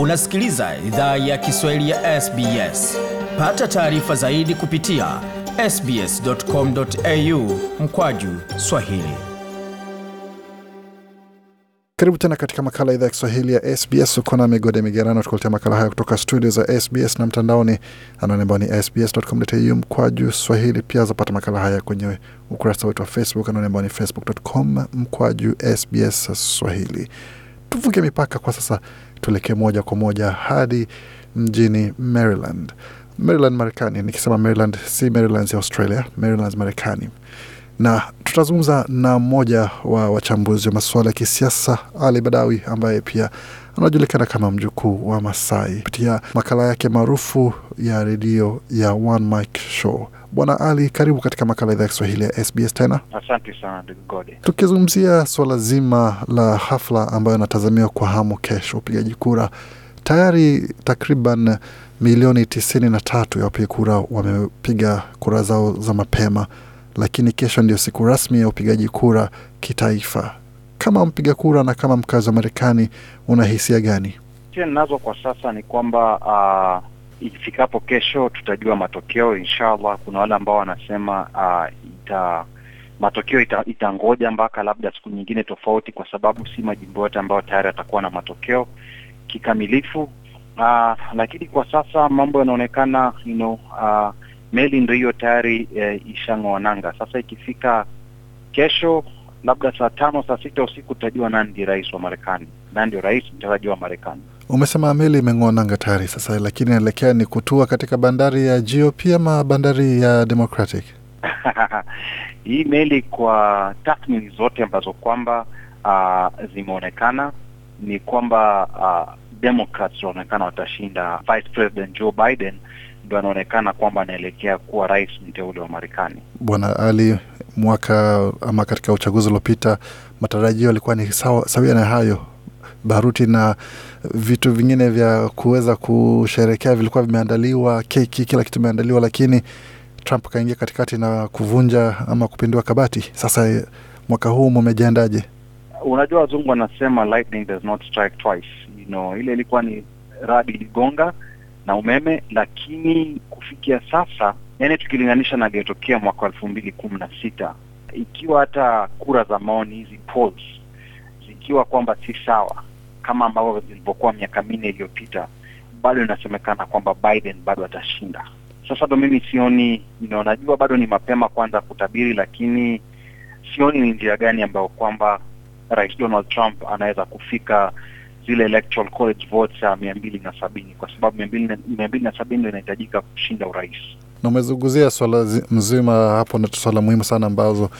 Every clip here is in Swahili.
Unasikiliza idhaa ya Kiswahili ya SBS. Pata taarifa zaidi kupitia sbs.com.au mkwaju swahili. Karibu tena katika makala idhaa ya Kiswahili ya SBS. ukona Migode Migerano tukuletea makala haya kutoka studio za SBS na mtandaoni, anaonembao ni sbs.com.au mkwaju swahili. Pia zapata makala haya kwenye ukurasa wetu wa Facebook, anwani ni facebook.com mkwaju sbs swahili. Tuvuke mipaka kwa sasa tuelekee moja kwa moja hadi mjini Maryland, Maryland Marekani. Nikisema Maryland si Maryland ya Australia, Maryland Marekani, na tutazungumza na mmoja wa wachambuzi wa masuala ya kisiasa Ali Badawi ambaye pia anajulikana kama mjukuu wa Masai kupitia makala yake maarufu ya redio ya One Mic Show Bwana Ali, karibu katika makala idhaa ya Kiswahili ya SBS tena. Asante sana ndugu Gode. Tukizungumzia swala zima la hafla ambayo inatazamiwa kwa hamu kesho, upigaji kura, tayari takriban milioni tisini na tatu ya wapiga kura wamepiga kura zao za mapema, lakini kesho ndio siku rasmi ya upigaji kura kitaifa. Kama mpiga kura na kama mkazi wa Marekani, una hisia gani? Hisia ninazo kwa sasa ni kwamba uh Ifikapo kesho tutajua matokeo inshallah. Kuna wale ambao wanasema uh, ita matokeo ita, itangoja mpaka labda siku nyingine tofauti, kwa sababu si majimbo yote ambayo tayari yatakuwa na matokeo kikamilifu. Uh, lakini kwa sasa mambo yanaonekana you know, uh, meli ndio hiyo tayari uh, eh, ishangoananga Sasa ikifika kesho labda saa tano saa sita usiku tutajua nani ndi rais wa Marekani, nani ndio rais mtarajiwa wa Marekani. Umesema meli imeng'oa nanga tayari sasa, lakini inaelekea ni kutua katika bandari ya GOP ama bandari ya Democratic? Hii meli kwa tathmini zote ambazo kwamba uh, zimeonekana ni kwamba uh, Democrats wanaonekana watashinda. Vice President Joe Biden ndo anaonekana kwamba anaelekea kuwa rais mteule wa Marekani. Bwana Ali, mwaka ama katika uchaguzi uliopita matarajio yalikuwa ni sawa sawia na hayo baruti na vitu vingine vya kuweza kusherekea vilikuwa vimeandaliwa, keki, kila kitu imeandaliwa, lakini Trump akaingia katikati na kuvunja ama kupindua kabati. Sasa eh, mwaka huu mumejiandaje? Unajua, wazungu wanasema lightning does not strike twice. You know, ile ilikuwa ni radi iligonga na umeme, lakini kufikia sasa, yani tukilinganisha na aliyotokea mwaka elfu mbili kumi na sita ikiwa hata kura za maoni hizi polls zikiwa kwamba si sawa kama ambavyo zilivyokuwa miaka minne iliyopita, bado inasemekana kwamba Biden bado atashinda. Sasa ndo mimi sioni, najua bado ni mapema kwanza kutabiri, lakini sioni ni njia gani ambayo kwamba Rais Donald Trump anaweza kufika zile electoral college votes ya mia mbili na sabini kwa sababu mia mbili na sabini ndo inahitajika kushinda urais. Na umezungumzia swala mzima hapo, na swala muhimu sana ambazo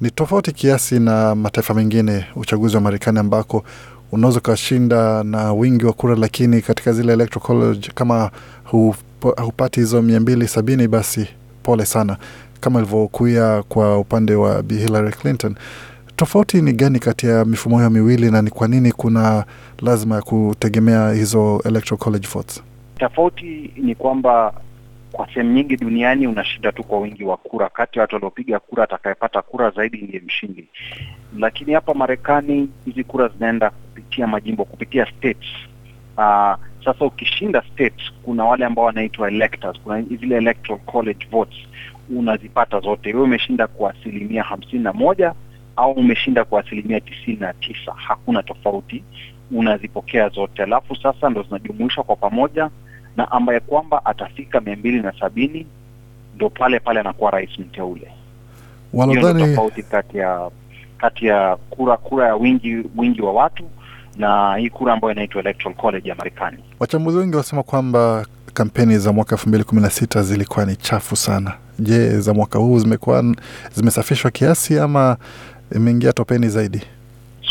ni tofauti kiasi na mataifa mengine, uchaguzi wa Marekani ambako unaweza ukashinda na wingi wa kura, lakini katika zile electoral college kama hupati hizo mia mbili sabini basi pole sana, kama ilivyokuia kwa upande wa Bi Hillary Clinton. Tofauti ni gani kati ya mifumo hiyo miwili na ni kwa nini kuna lazima ya kutegemea hizo electoral college votes? Tofauti ni kwamba kwa sehemu nyingi duniani unashinda tu kwa wingi wa kura. Kati ya watu waliopiga kura, atakayepata kura zaidi ndiye mshindi. Lakini hapa Marekani hizi kura zinaenda kupitia majimbo, kupitia states. Uh, sasa ukishinda states, kuna wale ambao wanaitwa electors, kuna zile electoral college votes unazipata zote. Wewe umeshinda kwa asilimia hamsini na moja au umeshinda kwa asilimia tisini na tisa, hakuna tofauti, unazipokea zote, alafu sasa ndo zinajumuishwa kwa pamoja na ambaye kwamba atafika mia mbili na sabini ndo pale pale anakuwa rais mteule. tofauti kati ya kati ya kura kura ya wingi wingi wa watu na hii kura ambayo inaitwa Electoral College ya Marekani. Wachambuzi wengi wanasema kwamba kampeni za mwaka elfu mbili kumi na sita zilikuwa ni chafu sana. Je, za mwaka huu zimekuwa zimesafishwa kiasi ama imeingia topeni zaidi?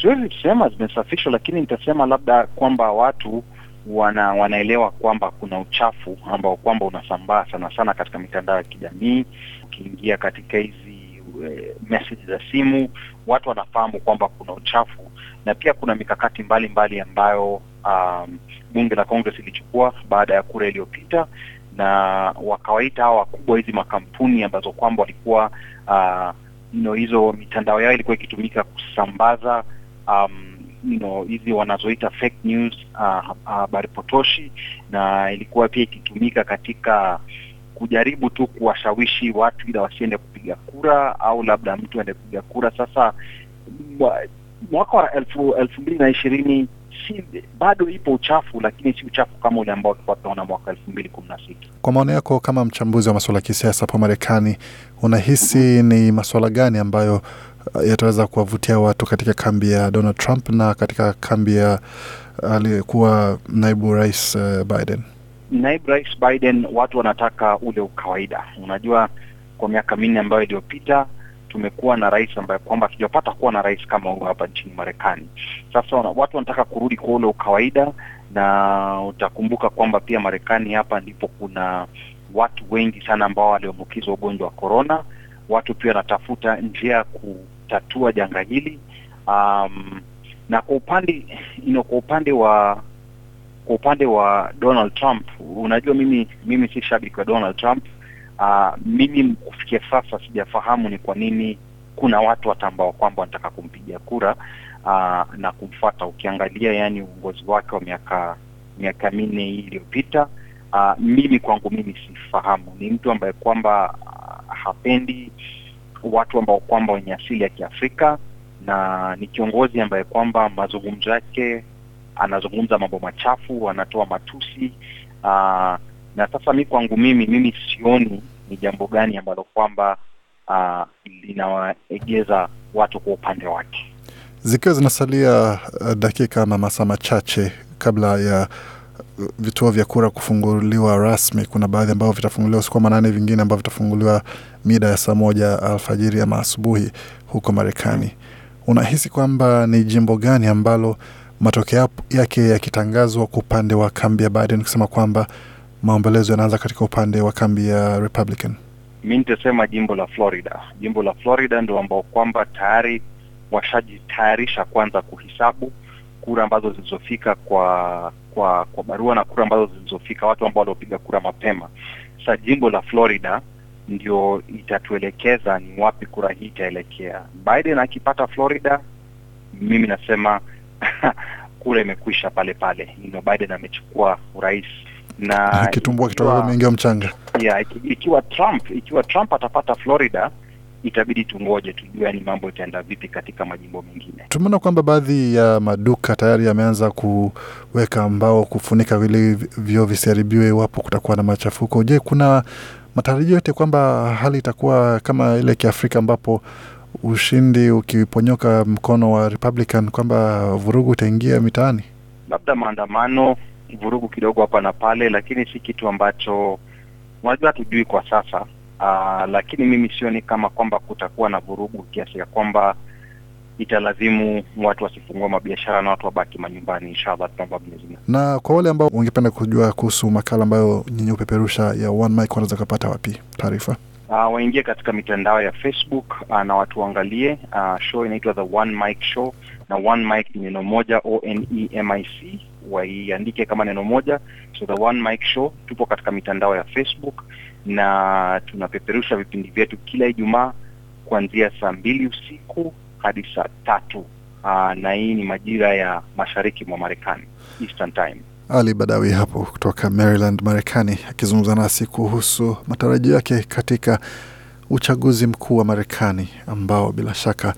Siwezi kusema zimesafishwa, lakini nitasema labda kwamba watu wana, wanaelewa kwamba kuna uchafu ambao kwamba unasambaa sana sana katika mitandao ya kijamii. Ukiingia katika hizi e, message za simu, watu wanafahamu kwamba kuna uchafu, na pia kuna mikakati mbalimbali mbali ambayo um, bunge la Congress ilichukua baada ya kura iliyopita na wakawaita hawa wakubwa hizi makampuni ambazo kwamba walikuwa uh, no, hizo mitandao yao ilikuwa ikitumika kusambaza um, you know, hizi wanazoita fake news, ah, habari potoshi, na ilikuwa pia ikitumika katika kujaribu tu kuwashawishi watu ila wasiende kupiga kura au labda mtu aende kupiga kura. Sasa mwaka wa elfu elfu mbili na ishirini si bado ipo uchafu, lakini si uchafu kama ule ambao tulikuwa tunaona mwaka elfu mbili kumi na sita. Kwa maoni yako kama mchambuzi wa masuala ya kisiasa hapa Marekani, unahisi ni masuala gani ambayo yataweza kuwavutia watu katika kambi ya Donald Trump na katika kambi ya aliyekuwa naibu rais uh, Biden. Naibu rais Biden, watu wanataka ule ukawaida. Unajua, kwa miaka minne ambayo iliyopita tumekuwa na rais ambaye kwamba hatujapata kuwa na rais kama huyo hapa nchini Marekani. Sasa watu wanataka kurudi kwa ule ukawaida, na utakumbuka kwamba pia Marekani hapa ndipo kuna watu wengi sana ambao waliambukizwa ugonjwa wa korona. Watu pia wanatafuta njia ya kutatua janga hili um, na kwa upande you know, kwa upande wa kwa upande wa Donald Trump, unajua mimi mimi si shabiki wa Donald Trump. Uh, mimi kufikia sasa sijafahamu ni kwa nini kuna watu watambao kwamba wanataka kumpigia kura uh, na kumfuata. Ukiangalia yani uongozi wake wa miaka miaka minne hii iliyopita, uh, mimi kwangu mimi sifahamu, ni mtu ambaye kwamba uh, hapendi watu ambao kwamba wenye asili ya Kiafrika na ni kiongozi ambaye kwamba mazungumzo yake anazungumza mambo machafu, anatoa matusi aa, ah, na sasa mi kwangu mimi mimi sioni ni jambo gani ambalo kwamba ah, linawaegeza watu kwa upande wake, zikiwa zinasalia ah, dakika na masaa machache kabla ya vituo vya kura kufunguliwa rasmi. Kuna baadhi ambavyo vitafunguliwa usiku wa manane, vingine ambavyo vitafunguliwa mida ya saa moja alfajiri ama asubuhi huko Marekani. Unahisi kwamba ni jimbo gani ambalo matokeo yake yakitangazwa kwa upande wa kambi ya Biden kusema kwamba maombolezo yanaanza katika upande wa kambi ya Republican? Mi nitasema jimbo la Florida. Jimbo la Florida ndo ambao kwamba tayari washajitayarisha kwanza kuhesabu kura ambazo zilizofika kwa kwa kwa barua na kura ambazo zilizofika watu ambao waliopiga kura mapema. sa jimbo la Florida ndio itatuelekeza ni wapi kura hii itaelekea. Biden akipata Florida, mimi nasema kura imekwisha pale pale, you Biden amechukua urais na ikitumbua kitoa ameingia mchanga. Yeah, ikiwa Trump ikiwa Trump atapata Florida itabidi tungoje tujue ni yaani mambo itaenda vipi katika majimbo mengine. Tumeona kwamba baadhi ya maduka tayari yameanza kuweka mbao kufunika ili vyoo visiharibiwe iwapo kutakuwa na machafuko. Je, kuna matarajio yote kwamba hali itakuwa kama ile kiafrika ambapo ushindi ukiponyoka mkono wa Republican kwamba vurugu itaingia mitaani, labda maandamano, vurugu kidogo hapa na pale, lakini si kitu ambacho unajua, hatujui kwa sasa Aa, ah, lakini mimi sioni kama kwamba kutakuwa na vurugu kiasi ya kwamba italazimu watu wasifungua mabiashara na watu wabaki manyumbani. Inshallah, tunaomba Mwenyezi Mungu. Na kwa wale ambao wangependa kujua kuhusu makala ambayo nyinyi upeperusha ya One Mic, wanaweza kupata wapi taarifa? Uh, waingie katika mitandao ya Facebook uh, na watu waangalie uh, show inaitwa The One Mic Show, na One Mic ni neno moja, O N E M I C waiandike kama neno moja. So the One Mic Show, tupo katika mitandao ya Facebook na tunapeperusha vipindi vyetu kila Ijumaa kuanzia saa mbili usiku hadi saa tatu aa, ah, na hii ni majira ya mashariki mwa Marekani, Eastern Time. Ali Badawi hapo kutoka Maryland, Marekani, akizungumza nasi kuhusu matarajio yake katika uchaguzi mkuu wa Marekani ambao bila shaka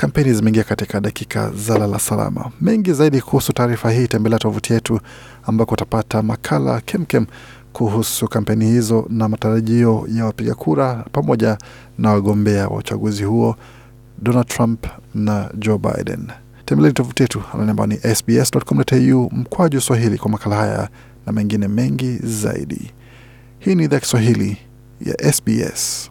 Kampeni zimeingia katika dakika za lala salama. Mengi zaidi kuhusu taarifa hii, tembelea tovuti yetu ambako utapata makala kemkem kuhusu kampeni hizo na matarajio ya wapiga kura pamoja na wagombea wa uchaguzi huo, Donald Trump na Joe Biden. Tembelea tovuti yetu ambao ni sbs.com.au mkwaju Swahili kwa makala haya na mengine mengi zaidi. Hii ni idhaa Kiswahili ya SBS.